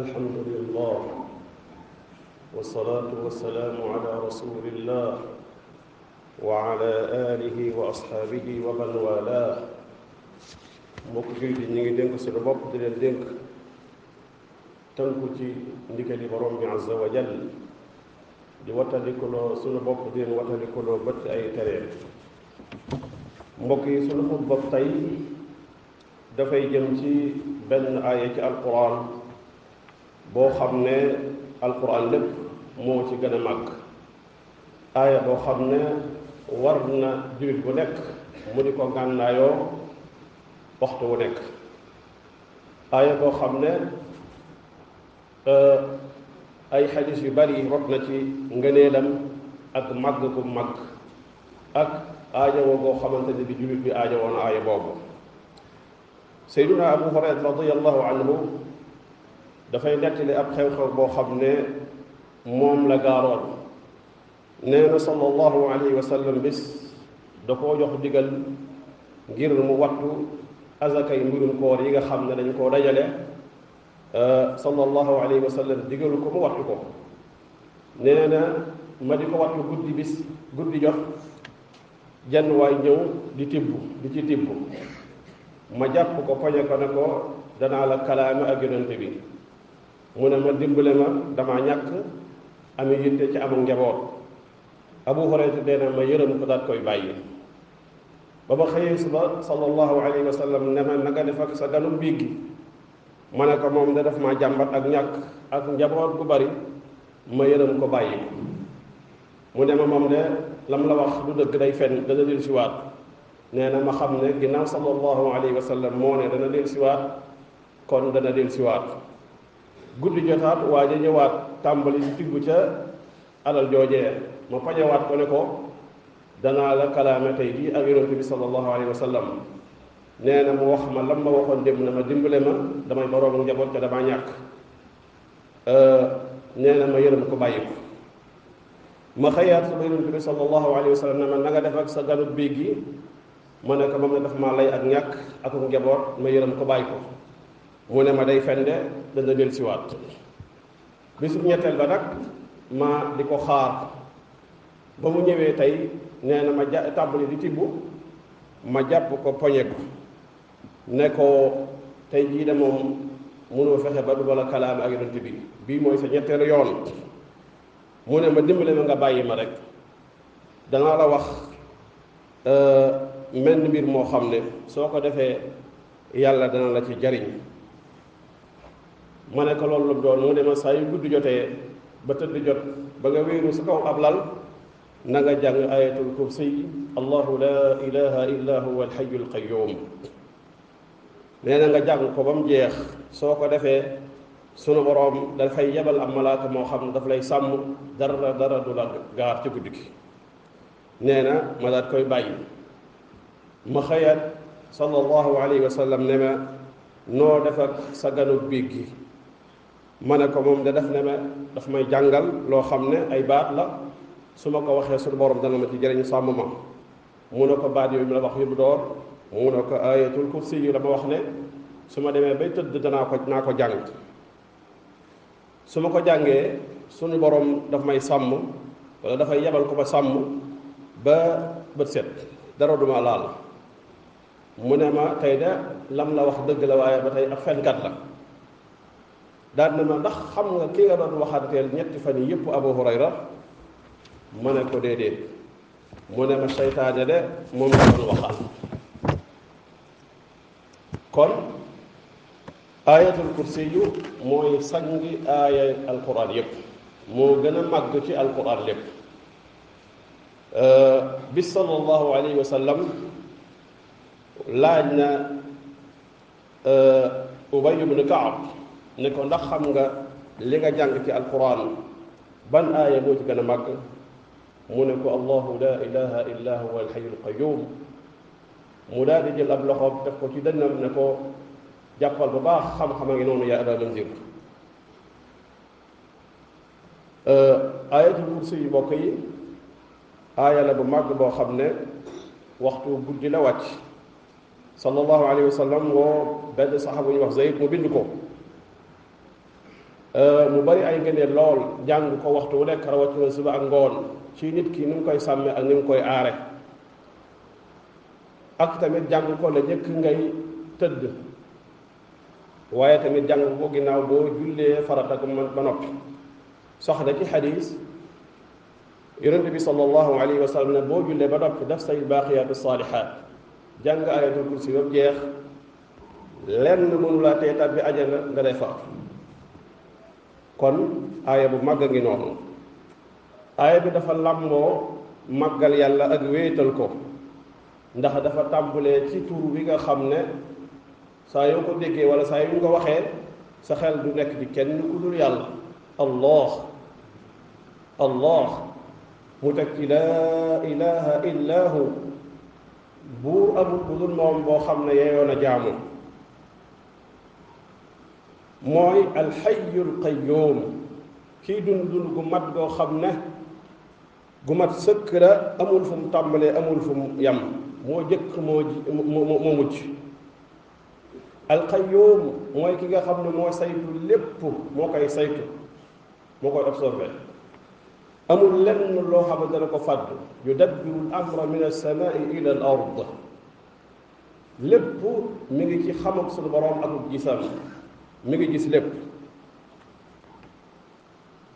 الحمد لله والصلاة والسلام على رسول الله وعلى آله وأصحابه ومن والاه mbokk jullit yi ñu ngi dénk suñu bopp di leen dénk tënku ci ndigali borom bi azza wa jall di wattalikuloo suñu bopp di leen wattalikuloo bët ay tereen mbokk yi suñu xutba tey dafay jëm ci benn aaya ci alquran boo xam ne alquran lépp moo ci gën a màgg aaya boo xam ne war na jullit bu nekk mu di ko ngànnaayoo waxtu wu nekk aaya boo xam ne euh, ay xadis yu bari rot na ci ngëneelam ak màgg bu màgg ak aajowoo boo xamante ni bi jullit bi aaja na aajo boobu seyduna abu hurayra radiallahu anhu dafay nettali ab xew-xew boo xam ne moom la gaaroon nee na sallallahu alayhi wa sallam bis da koo jox digal ngir mu wattu azakay mbirum koor yi nga xam ne dañ koo dajale euh, sallallahu alayhi wa sallam digalu ko mu wattu ko nee na ma di ko wattu guddi bis guddi jot jenn waay ñëw di tibb di ci tibb ma jàpp ko poñe ko ne ko danaa la kalaame ak yonente bi mu ne ma dimbale ma damaa ñàkk ami yitte ci amul njaboot abu hurayra dee na ma yërëm ko daat koy bàyyi ba ma xëyee suba sallallahu alayhi wa sallam ne ma na nga def ak sa ganu biig gi ma ne ko moom da def ma jàmbat ak ñàkk ak njaboot bu bari ma yërëm ko bàyyi mu ne ma moom de lam la wax du dëgg day fenn dana del siwaat nee na ma xam ne ginnaaw sallallahu alayhi wa sallam moo ne dana del siwaat kon dana del siwaat guddi jotaat waa ñëwaat tàmbali si diggu ca alal joojee ma pañewaat ko ne ko danaa la kalaame tey jii ak yonente bi sallallahu alayhi wa sallam nee na mu wax ma lam ma waxoon na ma dimbale ma damay boroomu njaboot ñàkk nee na ma yërëm ko bàyyi ko ma xëyaat sama yonente bi sallallahu alayhi wa sallam ne ma na nga def ak sa ganut bii gi ma nekk ko moom ne daf maa lay ak ñàkk ak njaboot ma yërëm ko bàyyi ko mu ne ma day fende dana del siwaat bisub ñetteel ba nag ma di ko xaar ba mu ñëwee tey nee na ma ja di tibb ma jàpp ko poñe ko ne ko tey jii de moom mënoo fexe ba du bala kalaam ak yonent bi bii mooy sa ñetteel yoon mu ne ma dimbale ma nga bàyyi ma rek danaa la wax euh, menn mbir moo xam ne soo ko defee yàlla dana la ci jariñ ma ne ko loolu mu dema saa yu gudd jotee ba tëdd jot ba nga wéeru sa kaw ab lal na nga jàng ayatul kursi allahu la ilaha illa huwa alxayu alqayum nee na nga jàng ko ba mu jeex soo ko defee sunu boroom dafay yebal am malaaka moo xam daf lay sàmm dara dara du la gaar ci guddi gi nee na ma daat koy bàyyi ma xëyaat sallallahu alayhi wa sallam ne ma noo def sa ganub biig gi ma ne ko moom da def ne ma dafa may jàngal loo xam ne ay baat la su ma ko waxee suñu borom dana ma ci jëriñ sàmm ma mu ne ko baat yooyu mu la wax yu door mu ne ko ayatul kursi yu la ma wax ne su ma demee bay tëdd danaa ko naa ko jàng su ma ko jàngee suñu boroom daf may sàmm wala dafay yebal ko ba sàmm ba bët set dara duma laal mu ne ma tey de lam la wax dëgg la waaye ba tey ab fenkat la daal na ma ndax xam nga ki nga doon waxanteel fan yëpp Abu Hurayra ma ko déedéet mu ne ma seytaane de moom nga doon waxal kon ayatul kursi mooy sangi aaya alquran yëpp moo gën a màgg ci alquran euh, bi sallallahu alayhi wa laaj na euh, ubay ibn kaab ne ko ndax xam nga li nga jàng ci alquran ban aaya moo ci gën a màgg mu ne ko allahu la ilaha illa huwa alxayu alqayum mu daal di jël ab loxoom def ko ci dënnam ne ko jàppal bu baax xam-xam a ngi noonu yaa abaa manzir euh, aayatul kursi yu mbokk yi aaya la bu màgg boo xam ne waxtu guddi la wàcc sallallahu alayhi wa sallam woo benn saxaabu ñu wax Zayd mu bind ko Euh, mu bari ay ngëneel lool jàng ko waxtu wu nekk rawatina suba ak ngoon ci nit ki ni mu koy sàmmee ak ni mu koy aare ak tamit jàng ko la njëkk ngay tëdd waaye tamit jàng ko ginnaaw boo jullee farata ko ba noppi sax na ci xadiis yonent bi sallallahu alayhi wa sallam boo jullee ba noppi daf say baaqiyaatu saalihaat jàng ayatul kursi ba jeex lenn mënu laa tee tàbbi nga day faatu kon aaya bu màgg a ngi noonu aaya bi dafa làmboo màggal yàlla ak wéetal ko ndax dafa tàmbalee ci tur bi nga xam ne saa yoo ko déggee wala saa yu nga waxee sa xel du nekk ci kenn ku dul yàlla allah allah mu teg ci laa ilaha illa buur amul ku dul moom boo xam ne yeyoon a jaamu mooy alxayyul qayyuum kii dund dund gu mat goo xam ne gu mat sëkk la amul fu mu tàmbalee amul fu mu yam moo jëkk moo ji moo mujj mooy ki nga xam ne moo saytu lépp moo koy saytu moo koy absorbé amul lenn loo xam ne dana ko fàddu yudabbiru al amra min alsamaai ila al ard lépp mi ngi ci xam ak sunu borom ak gisam mi ngi gis lépp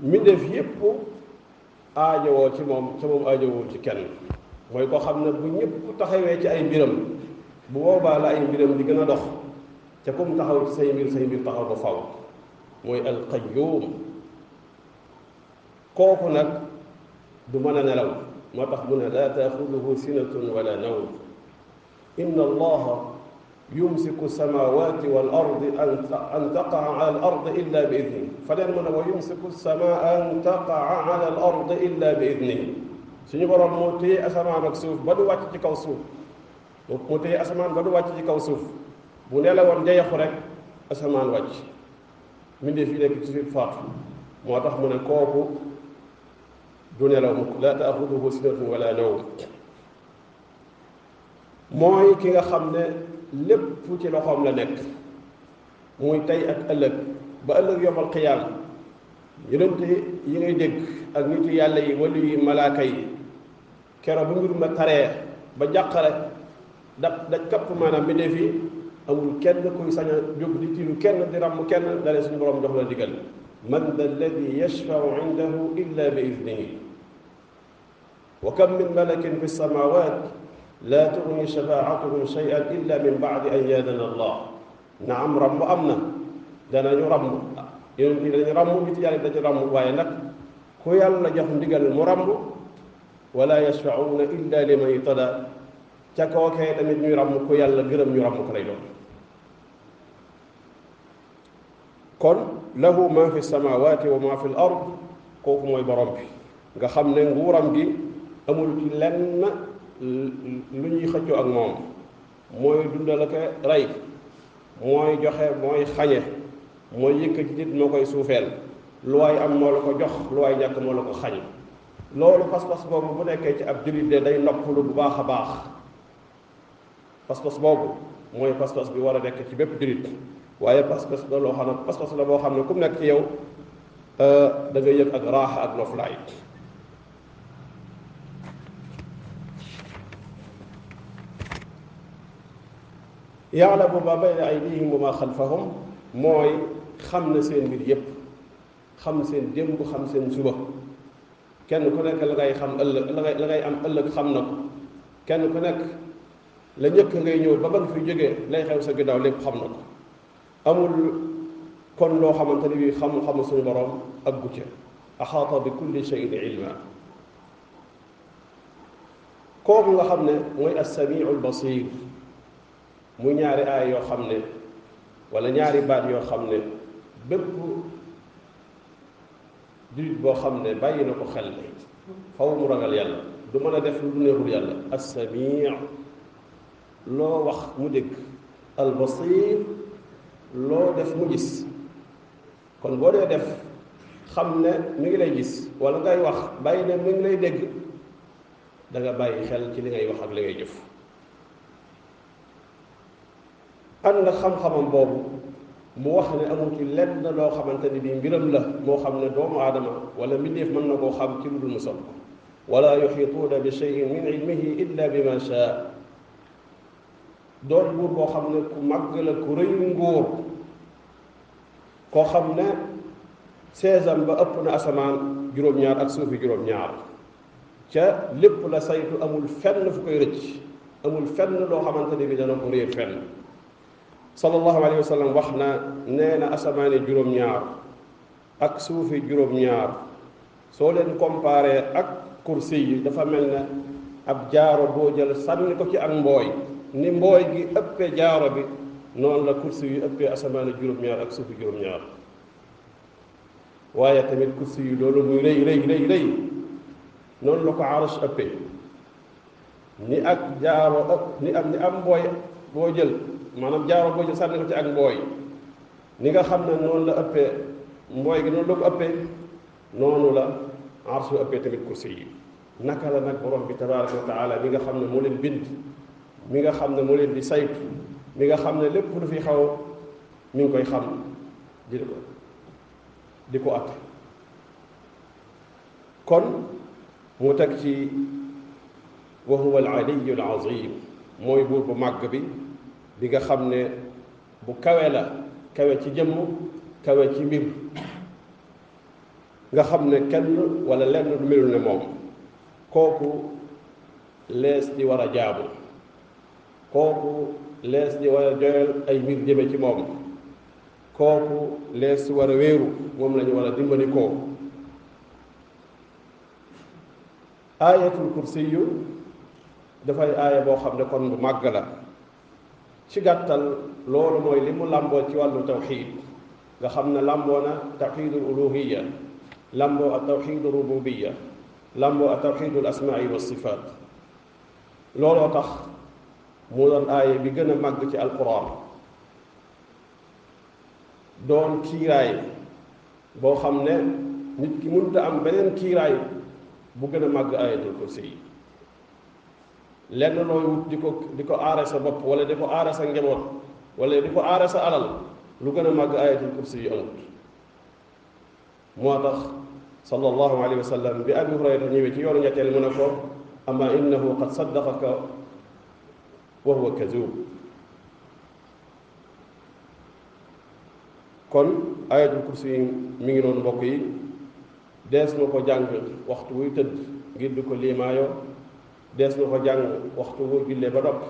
mi def yépp aajowoo ci moom sa moom aajowoo ci kenn mooy koo xam ne bu ñëpp taxawee ci ay mbiram bu boobaa la ay mbiram di gën a dox ca comme taxaw ci say mbir say mbir taxaw ba faw mooy alqayyum kooku nag du mën a nelaw moo tax mu ne laa taaxuduhu sinatun wala nawm inna allaha yumsiku samawati wal ardi an taqaa ala al ardi illa bi idnihi faneen mu ne wa yumsiku samaa an taqaa ala al ardi illa bi idnihi suñu borom moo téye asamaan ak suuf ba du wàcc ci kaw suuf moo téye asamaan ba du wàcc ci kaw suuf bu nelawoon jayaxu rek asamaan wàcc mbindeef yi nekk ci suuf faatu moo tax mu ne kooku du nelaw mukk laa taaxuduhu sinatun wala nawm mooy ki nga xam ne lépp ci loxoom la nekk muy tey ak ëllëg ba ëllëg yomal xiyaam yonent yi ngay dégg ak nitu yàlla yi wàllu yi malaaka yi kero bu mbir ma taree ba jàqare da daj kapp maanaam mbindeef yi amul kenn kuy sañ a jóg di tiilu kenn di mu kenn dale suñu borom jox la digal man da alladi yashfau indahu illa bi idnihi wa kam min malakin fi samawat laa tugni shafaatuhum shay'an illa min baadi an yaadana allah naam ramb am na danañu ramb yonent yi dañu ramb nit yàlla dañu ramb waaye nag ku yàlla jox ndigal mu ramb wala yashfauuna illa liman irtada ca kookee tamit ñuy ramb ku yàlla gërëm ñu ramb ko kon lahu ma fi samawati wa ma fi ard kooku mooy borom bi nga xam ne nguuram amul ci lu ñuy xëccoo ak moom mooy dundal ak rey mooy joxe mooy xañe mooy yëkkati nit moo koy suufeel lu waay am moo la ko jox lu waay ñàkk moo la ko xañ loolu pas-pas boobu bu nekkee ci ab day noppalu bu baax a baax pas-pas boobu mooy pas-pas bi war a nekk ci bépp jullit waaye pas-pas la loo xam ne pas-pas la boo xam ne ku mu nekk ci yow euh, da nga yëg ak raaxa ak noflaay yaalamu ma bayna aydihim wa ma xalfahum mooy xam na seen mbir yépp xam seen démb xam seen suba kenn ku nekk la ngay xam ëllëg la ngay la ngay am ëllëg xam na ko kenn ku nekk la njëkk ngay ñëw ba ba nga fi jógee lay xew sa ginnaaw lépp xam na ko amul kon loo xamante ni bi xam-xamu suñu borom ak gucce axaata bi kulli shay'in ilma kooku nga xam ne mooy as-sami'ul basir mu ñaari aay yoo xam ne wala ñaari baat yoo xam ne bépp jullit boo xam ne bàyyi na ko xel ne faw mu ragal yàlla du mën a def lu neexul yàlla assamii loo wax mu dégg albasir loo def mu gis kon boo dee def xam ne mi ngi lay gis walla ngay wax bàyyi ne mi ngi lay dégg da nga bàyyi xel ci li ngay wax ak li ngay jëf ànd nga xam-xamam boobu mu wax ne amul ci lenn loo xamante ni bi mbiram la moo xam ne doomu aadama wala mbindeef mën na koo xam ci lu dul mu sol ko wala yuxituuna bi cheyin min ilmihi bi ma shaa doon boo xam ne ku màgg la ku rëyu nguur koo xam ne seesam ba ëpp na asamaan juróom-ñaar ak suufi juróom-ñaar ca lépp la saytu amul fenn fu koy rëcc amul fenn loo xamante ni bi dana ko réer fenn sallallahu alayhi wa sallam wax na nee na asamaane juróom-ñaar ak suufi juróom-ñaar soo leen comparé ak kursi yi dafa mel ne ab jaaro boo jël sànni ko ci ak mbooy ni mbooy gi ëppee jaaro bi noonu la kursi yu ëppee asamaani juróom-ñaar ak suufi juróom-ñaar waaye tamit kursi yu loolu muy rëy rëy rëy rëy la ko arsh ëppee ni ak jaaro ni am ni am mbooy boo jël maanaam jaaro boo ci sànni ko ci ak mbooy ni nga xam ne noonu la ëppee mbooy gi noonu la ko ëppee noonu la arsu ëppee tamit kursi yi naka la nag borom bi tabaraka wa taala mi nga xam ne moo leen bind mi nga xam ne moo leen di saytu mi nga xam ne lépp lu fi xaw mi ngi koy xam di ko di kon mu teg ci wa huwa al aliyu al mooy buur bu màgg bi bi nga xam ne bu kawe la kawe ci jëmm kawe ci mbir nga xam ne kenn wala lenn du melul ne moom kooku lees di war a jaabu kooku lees di war a joyal ay mbir jëme ci moom kooku lees di war a wéeru moom lañu war a dimbali koo aayatul kursiyu dafay aaya boo xam ne kon bu màgg la ci gàttal loolu mooy li mu làmboo ci wàllu tawxid nga xam ne làmboo na tawxidul uluhiya làmboo ak tawxidul rububiya làmboo ak tawxidul sifaat looloo tax mu doon bi gën a màgg ci alquran doon kiiraay boo xam ne nit ki mënut a am beneen kiiraay bu gën a màgg aayatul lenn looy di ko di ko aare sa bopp wala di ko aare sa ngemoon wala di ko aare sa alal lu gën a màgg ayatul kursi yu amut moo tax sallallahu alayhi bi abi hurayra ñëwee ci yoonu ñetteel mu ne ko ama innahu qad saddaqaka wa huwa kon ayatul kursi yi mi ngi noonu mbokk yi dees na ko jàng waxtu wuy tëdd ngir di ko liimaayoo des na ko jàng waxtu woo jullee ba noppi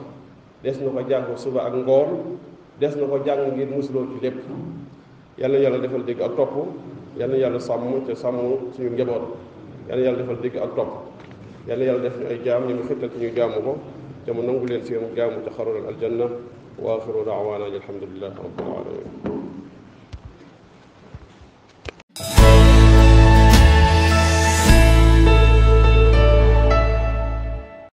des na ko jàng suba ak ngoon des na ko jàng ngir musuloo ci lépp yàlla yàlla defal dégg ak topp yàlla yàlla sàmm te sàmm suñu njaboot yàlla yàlla defal dégg ak topp yàlla yàlla def ñu ay jaam ñu mu xittal ci ñu jaamu ko te mu nangu leen seen jaamu te xarulal aljanna wa axiru daawaana alhamdulilah rabbil alamin